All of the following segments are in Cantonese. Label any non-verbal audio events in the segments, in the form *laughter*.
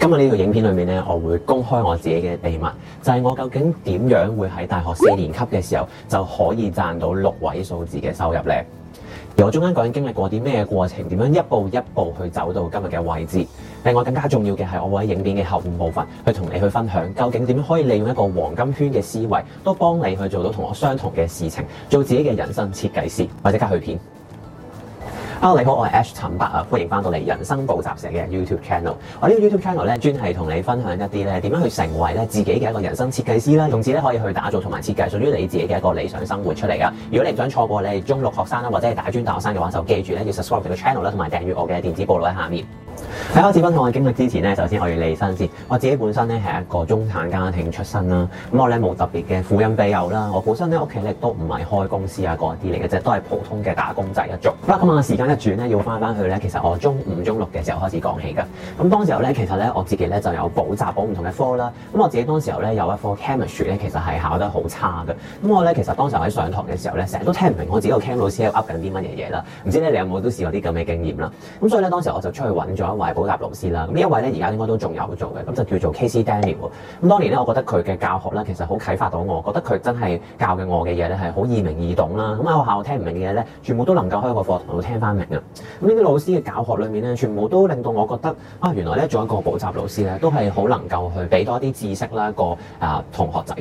今日呢套影片裏面咧，我會公開我自己嘅秘密，就係我究竟點樣會喺大學四年級嘅時候就可以賺到六位數字嘅收入呢？而我中間究竟經歷過啲咩過程，點樣一步一步去走到今日嘅位置？另外更加重要嘅係，我會喺影片嘅後半部分去同你去分享，究竟點樣可以利用一個黃金圈嘅思維，都幫你去做到同我相同嘅事情，做自己嘅人生設計師或者駕去片。Hello，你好，我係 Ash 塵伯，啊，歡迎翻到嚟《人生補習社》嘅 YouTube Channel。我個 channel 呢個 YouTube Channel 咧，專係同你分享一啲咧，點樣去成為咧自己嘅一個人生設計師啦，從而咧可以去打造同埋設計屬於你自己嘅一個理想生活出嚟啊！如果你唔想錯過，你係中六學生啦、啊，或者係大專大學生嘅話，就記住咧要 subscribe 我嘅 channel 啦，同埋訂閱我嘅電子報錄喺下面。喺開始分享我嘅經歷之前咧，首先我要離身先。我自己本身咧係一個中產家庭出身啦，咁我咧冇特別嘅富人庇佑啦。我本身咧屋企咧都唔係開公司啊嗰啲嚟嘅啫，都係普通嘅打工仔一族。啦，咁啊時間一轉咧，要翻翻去咧，其實我中五、中六嘅時候開始講起㗎。咁當時候咧，其實咧我自己咧就有補習補唔同嘅科啦。咁我自己當時候咧有一科 chemistry 咧，其實係考得好差㗎。咁我咧其實當時候喺上堂嘅時候咧，成日都聽唔明我自己個 Chem 老師喺度噏緊啲乜嘢嘢啦。唔知咧你有冇都試過啲咁嘅經驗啦？咁所以咧當時我就出去揾咗一位。補習老師啦，咁呢一位咧而家應該都仲有做嘅，咁就叫做 Casey Daniel。咁當年咧，我覺得佢嘅教學咧其實好啟發到我，覺得佢真係教嘅我嘅嘢咧係好易明易懂啦。咁喺學校聽唔明嘅嘢咧，全部都能夠喺個課堂度聽翻明啊。咁呢啲老師嘅教學裡面咧，全部都令到我覺得啊，原來咧做一個補習老師咧都係好能夠去俾多啲知識啦一個啊同學仔。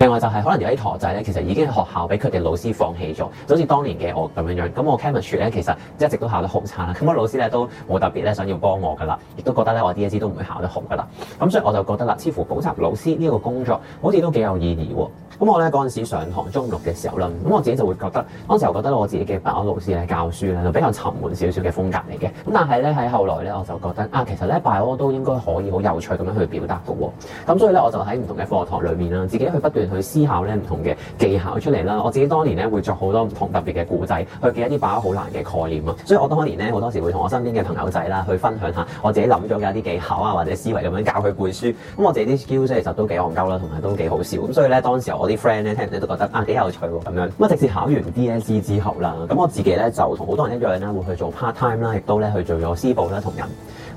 另外就係可能有啲同學仔咧，其實已經喺學校俾佢哋老師放棄咗，就好似當年嘅我咁樣樣。咁我 chemistry 咧其實一直都考得好差啦，咁我老師咧都冇特別咧想要幫我。係啦，亦都覺得咧，我 DSE 都唔會考得好㗎喇。咁所以我就覺得啦，似乎補習老師呢一個工作，好似都幾有意義喎。咁我咧嗰陣時上堂中六嘅時候啦，咁我自己就會覺得，當時候覺得我自己嘅白柯老師咧教書咧就比較沉悶少少嘅風格嚟嘅。咁但係咧喺後來咧我就覺得啊，其實咧拜柯都應該可以好有趣咁樣去表達到喎、哦。咁所以咧我就喺唔同嘅課堂裡面啦，自己去不斷去思考咧唔同嘅技巧出嚟啦。我自己當年呢多年咧會作好多唔同特別嘅古仔去記一啲拜柯好難嘅概念啊。所以我當年呢多年咧我當時會同我身邊嘅朋友仔啦去分享下我自己諗咗嘅一啲技巧啊，或者思維咁樣教佢背書。咁我自己啲 skills 其實都幾戇鳩啦，同埋都幾好笑。咁所以咧當時我啲 friend 咧，聽完咧都覺得啊幾有趣喎，咁樣咁啊，直至考完 DSE 之後啦，咁我自己咧就同好多人一樣啦，會去做 part time 啦，亦都咧去做咗私補啦，同人。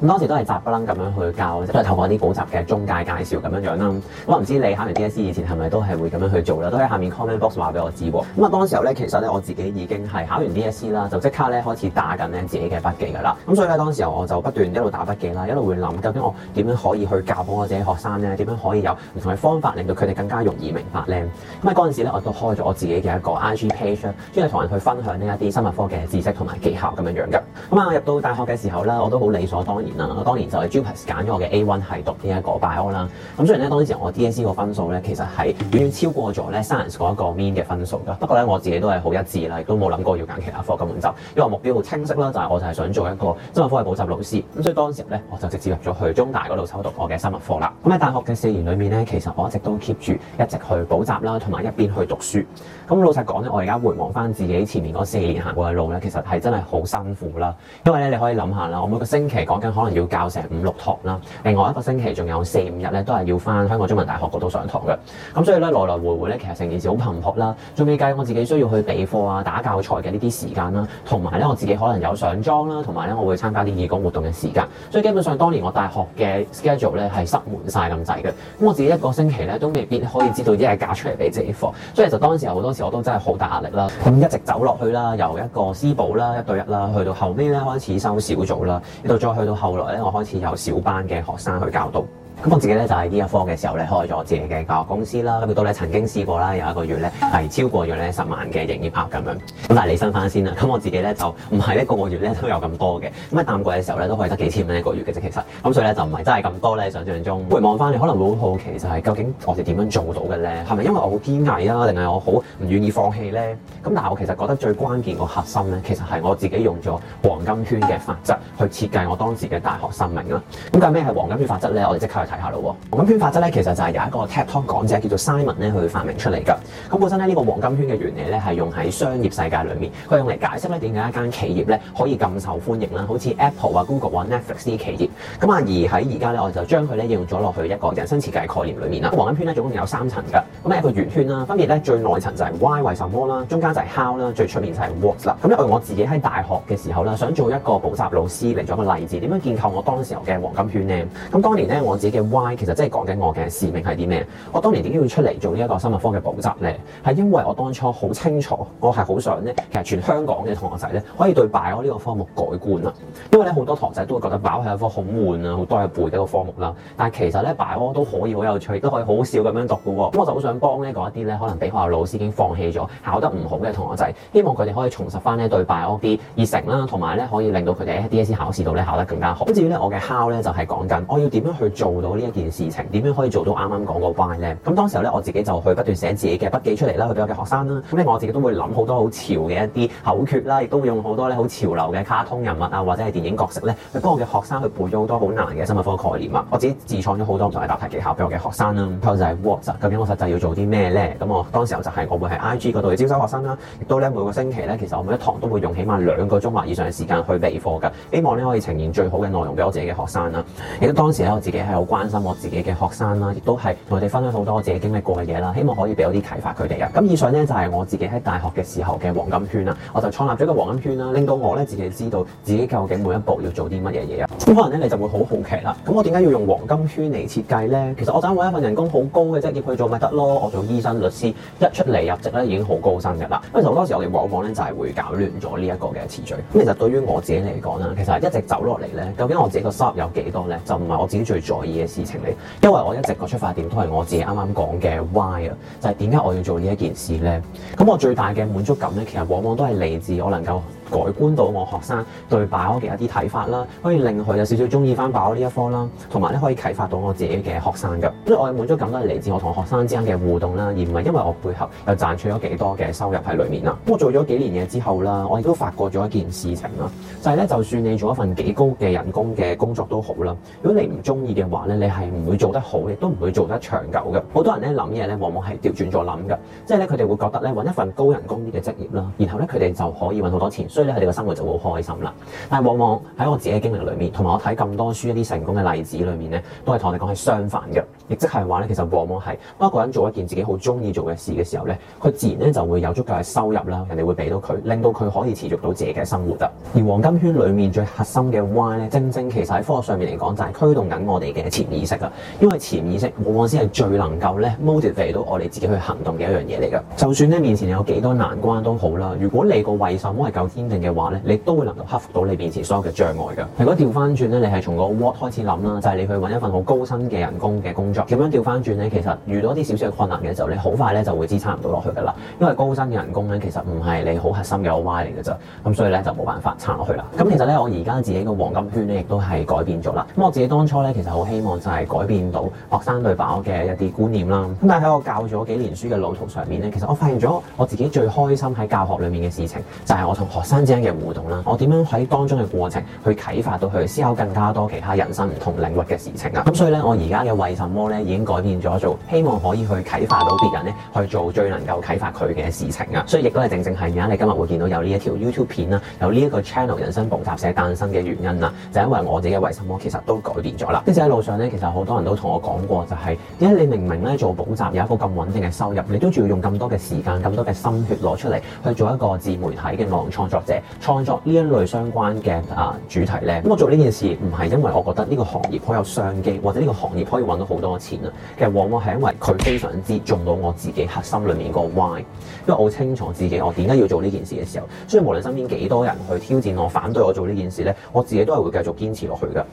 咁當時都係雜不楞咁樣去教，即係透過啲補習嘅中介介紹咁樣樣啦。咁啊唔知你考完 DSE 以前係咪都係會咁樣去做咧？都喺下面 comment box 話俾我知喎。咁啊，當時候咧，其實咧我自己已經係考完 DSE 啦，就即刻咧開始打緊咧自己嘅筆記㗎啦。咁所以咧，當時候我就不斷一路打筆記啦，一路會諗究竟我點樣可以去教我自己學生咧，點樣可以有唔同嘅方法令到佢哋更加容易明白咧。咁啊，嗰陣時咧，我都開咗我自己嘅一個 IG page，專係同人去分享呢一啲生物科嘅知識同埋技巧咁樣樣㗎。咁啊，入到大學嘅時候咧，我都好理所當然。當年我當然就係 Jupas 揀咗我嘅 A1 係讀呢一個 bio 啦。咁雖然咧，當時我 DSE 個分數咧，其實係遠遠超過咗咧 science 嗰一個 mean 嘅分數噶。不過咧，我自己都係好一致啦，亦都冇諗過要揀其他科，根本就因為目標好清晰啦，就係、是、我就係想做一個生物科嘅補習老師。咁所以當時咧，我就直接入咗去中大嗰度修讀我嘅生物科啦。咁喺大學嘅四年裏面咧，其實我一直都 keep 住一直去補習啦，同埋一邊去讀書。咁老實講咧，我而家回望翻自己前面嗰四年行過嘅路咧，其實係真係好辛苦啦。因為咧，你可以諗下啦，我每個星期講緊。可能要教成五六堂啦，另外一個星期仲有四五日咧，都係要返香港中文大學嗰度上堂嘅。咁所以咧來來回回咧，其實成件事好頻撲啦。仲未計我自己需要去備課啊、打教材嘅呢啲時間啦，同埋咧我自己可能有上莊啦，同埋咧我會參加啲義工活動嘅時間。所以基本上當年我大學嘅 schedule 咧係塞滿晒咁滯嘅。咁我自己一個星期咧都未必可以知道一日假出嚟備自己課。所以就當時有好多時我都真係好大壓力啦。咁、嗯、一直走落去啦，由一個私補啦、一對一啦，去到後尾咧開始收小組啦，呢度再去到。後來我開始由小班嘅學生去教導。咁我自己咧就喺呢一科嘅時候咧開咗自己嘅教育公司啦，咁亦都咧曾經試過啦有一個月咧係超過咗咧十萬嘅營業額咁樣。咁但係你身翻先啊！咁我自己咧就唔係一個個月咧都有咁多嘅，咁喺淡季嘅時候咧都可以得幾千蚊一個月嘅啫。其實咁所以咧就唔係真係咁多咧想象中。回望翻你可能會好好奇就係、是、究竟我哋點樣做到嘅咧？係咪因為我好堅毅啊？定係我好唔願意放棄咧？咁但係我其實覺得最關鍵個核心咧，其實係我自己用咗黃金圈嘅法則去設計我當時嘅大學生命啦、啊。咁究竟咩係黃金圈法則咧？我哋即刻～睇下咯喎，黃金圈法則咧其實就係由一個 tap talk 講者叫做 Simon 咧去發明出嚟㗎。咁本身咧呢個黃金圈嘅原理咧係用喺商業世界裏面，佢用嚟解釋咧點解一間企業咧可以咁受歡迎啦，好似 Apple 啊、Google 啊、Netflix 啲企業。咁啊而喺而家咧我就將佢咧應用咗落去一個人生設計概念裏面啦。黃金圈咧總共有三層㗎，咁一個圓圈啦，分別咧最內層就係 Why 為什麼啦，中間就係 How 啦，最出面就係 What 啦。咁因為我自己喺大學嘅時候啦，想做一個補習老師嚟做一個例子，點樣建構我當時候嘅黃金圈咧？咁當年咧我自嘅 why 其實真係講緊我嘅使命係啲咩？我當年點解要出嚟做呢一個生物科嘅補習呢？係因為我當初好清楚，我係好想呢，其實全香港嘅同學仔呢，可以對 bio 呢個科目改觀啦。因為呢，好多同學仔都會覺得 bio 係一科好悶啊，好多係背嘅一個科目啦。但係其實呢，bio 都可以好有趣，都可以好笑咁樣讀嘅喎。咁我就好想幫呢嗰一啲呢，可能俾學校老師已經放棄咗，考得唔好嘅同學仔，希望佢哋可以重拾翻呢對 bio 啲熱誠啦，同埋呢，可以令到佢哋喺 DSE 考試度呢考得更加好。至於呢，我嘅 how 呢，就係講緊我要點樣去做。到呢一件事情，點樣可以做到啱啱講個 Why 呢？咁當時候咧，我自己就去不斷寫自己嘅筆記出嚟啦，去俾我嘅學生啦。咁咧，我自己都會諗好多好潮嘅一啲口訣啦，亦都會用好多咧好潮流嘅卡通人物啊，或者係電影角色咧，去幫我嘅學生去背咗好多好難嘅生物科概念啊。我自己自創咗好多唔同嘅答題技巧俾我嘅學生啦。再就係、是、What，究竟我實際要做啲咩呢？」咁我當時候就係、是、我會喺 IG 嗰度嚟招收學生啦，亦都呢每個星期咧，其實我每一堂都會用起碼兩個鐘或以上嘅時間去備課噶，希望咧可以呈現最好嘅內容俾我自己嘅學生啦。亦都當時咧，我自己係有。關心我自己嘅學生啦，亦都係同佢哋分享好多我自己經歷過嘅嘢啦，希望可以俾我啲啟發佢哋啊。咁以上呢，就係我自己喺大學嘅時候嘅黃金圈啦，我就創立咗一個黃金圈啦，令到我咧自己知道自己究竟每一步要做啲乜嘢嘢啊。咁可能咧你就會好好奇啦，咁我點解要用黃金圈嚟設計呢？其實我想揾一份人工好高嘅職業去做咪得咯。我做醫生、律師一出嚟入職咧已經好高薪噶啦。咁其實好多時我哋往往咧就係會搞亂咗呢一個嘅詞序。咁其實對於我自己嚟講啦，其實一直走落嚟呢，究竟我自己嘅收入有幾多呢？就唔係我自己最在意。嘅事情嚟，因為我一直個出發點都係我自己啱啱講嘅 why 啊，就係點解我要做呢一件事咧？咁我最大嘅滿足感咧，其實往往都係嚟自我能夠。改觀到我學生對把握嘅一啲睇法啦，可以令佢有少少中意翻把握呢一科啦，同埋咧可以啟發到我自己嘅學生㗎。所以我嘅滿足感咧，嚟自我同學生之間嘅互動啦，而唔係因為我背後又賺取咗幾多嘅收入喺裏面啦。我做咗幾年嘢之後啦，我亦都發覺咗一件事情啦，就係咧，就算你做一份幾高嘅人工嘅工作都好啦，如果你唔中意嘅話咧，你係唔會做得好，亦都唔會做得長久嘅。好多人咧諗嘢咧，往往係調轉咗諗㗎，即係咧佢哋會覺得咧揾一份高人工啲嘅職業啦，然後咧佢哋就可以揾好多錢。所以呢，佢哋嘅生活就好開心啦。但係往往喺我自己嘅經歷裏面，同埋我睇咁多書、一啲成功嘅例子裏面呢，都係同我哋講係相反嘅。亦即係話咧，其實往往係當一個人做一件自己好鍾意做嘅事嘅時候咧，佢自然咧就會有足夠嘅收入啦。人哋會俾到佢，令到佢可以持續到自己嘅生活啊。而黃金圈裡面最核心嘅 why 咧，正正其實喺科學上面嚟講，就係、是、驅動緊我哋嘅潛意識啦。因為潛意識往往先係最能夠咧 motivate 到我哋自己去行動嘅一樣嘢嚟㗎。就算咧面前有幾多難關都好啦，如果你個為什麼係夠堅定嘅話咧，你都會能夠克服到你面前所有嘅障礙㗎。如果掉返轉咧，你係從個 what 開始諗啦，就係、是、你去揾一份好高薪嘅人工嘅工作。咁樣調翻轉咧，其實遇到啲少少嘅困難嘅時候，你好快咧就會支撐唔到落去噶啦。因為高薪嘅人工咧，其實唔係你好核心嘅一個 Why 嚟嘅啫。咁所以咧就冇辦法撐落去啦。咁其實咧，我而家自己個黃金圈咧，亦都係改變咗啦。咁我自己當初咧，其實好希望就係改變到學生對辦學嘅一啲觀念啦。咁但係喺我教咗幾年書嘅路途上面咧，其實我發現咗我自己最開心喺教學裡面嘅事情，就係我同學生之間嘅互動啦。我點樣喺當中嘅過程去啟發到佢，思考更加多其他人生唔同領域嘅事情啊！咁所以咧，我而家嘅為什麼，已經改變咗做，希望可以去啟發到別人咧去做最能夠啟發佢嘅事情啊！所以亦都係正正係而家你今日會見到有呢一條 YouTube 片啦，有呢一個 channel 人生補習社誕生嘅原因啦，就因為我自己維生模式其實都改變咗啦。即使喺路上咧，其實好多人都同我講過，就是，就係點解你明明咧做補習有一個咁穩定嘅收入，你都仲要用咁多嘅時間、咁多嘅心血攞出嚟去做一個自媒體嘅內容創作者，創作呢一類相關嘅啊主題咧？咁我做呢件事唔係因為我覺得呢個行業好有商機，或者呢個行業可以揾到好多。我其實往往係因為佢非常之重到我自己核心裏面個 why，因為我清楚自己我點解要做呢件事嘅時候，所以無論身邊幾多人去挑戰我、反對我做呢件事呢，我自己都係會繼續堅持落去㗎。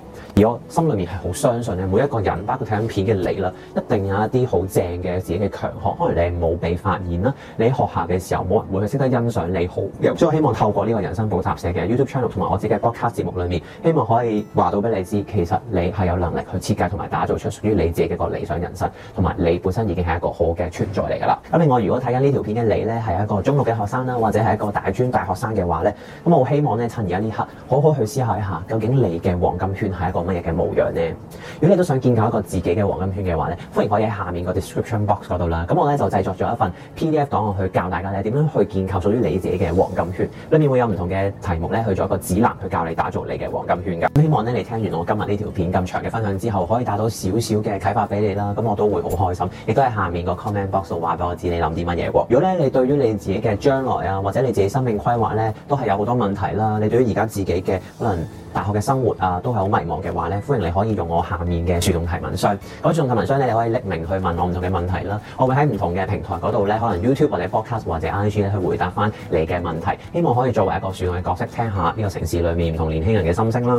而我心裏面係好相信咧，每一個人，包括睇緊片嘅你啦，一定有一啲好正嘅自己嘅強項，可能你冇被發現啦。你喺學校嘅時候冇人會去識得欣賞你好。 *noise* 所以我希望透過呢個人生補習社嘅 YouTube channel 同埋我自己嘅 Podcast 節目裏面，希望可以話到俾你知，其實你係有能力去設計同埋打造出屬於你自己嘅一個理想人生，同埋你本身已經係一個好嘅存在嚟噶啦。咁另外，如果睇緊呢條片嘅你咧，係一個中六嘅學生啦，或者係一個大專大學生嘅話咧，咁我希望咧趁而家呢刻好好去思考一下，究竟你嘅黃金圈係一個嘅模樣咧，如果你都想建構一個自己嘅黃金圈嘅話咧，歡迎可以喺下面個 description box 嗰度啦。咁我咧就製作咗一份 PDF 檔案去教大家咧點樣去建構屬於你自己嘅黃金圈。裏面會有唔同嘅題目咧，去做一個指南去教你打造你嘅黃金圈噶。咁希望咧你聽完我今日呢條片咁長嘅分享之後，可以打到少少嘅啟發俾你啦。咁我都會好開心，亦都喺下面個 comment box 度話俾我知你諗啲乜嘢喎。如果咧你對於你自己嘅將來啊，或者你自己生命規劃咧，都係有好多問題啦。你對於而家自己嘅可能大學嘅生活啊，都係好迷茫嘅。話歡迎你可以用我下面嘅樹洞提問箱，嗰樹洞提問箱咧，你可以匿名去問我唔同嘅問題啦。我會喺唔同嘅平台嗰度咧，可能 YouTube 或者 Podcast 或者 IG 咧去回答翻你嘅問題。希望可以作為一個樹洞嘅角色聽下呢個城市裏面唔同年輕人嘅心聲啦。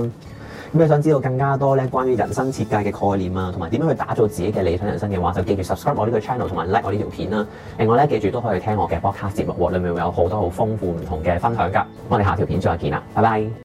咁你想知道更加多咧關於人生設計嘅概念啊，同埋點樣去打造自己嘅理想人生嘅話，就記住 subscribe 我呢個 channel 同埋 like 我呢條片啦。另外咧，記住都可以聽我嘅 podcast 節目喎，裡面會有好多好豐富唔同嘅分享噶。我哋下條片再見啦，拜拜。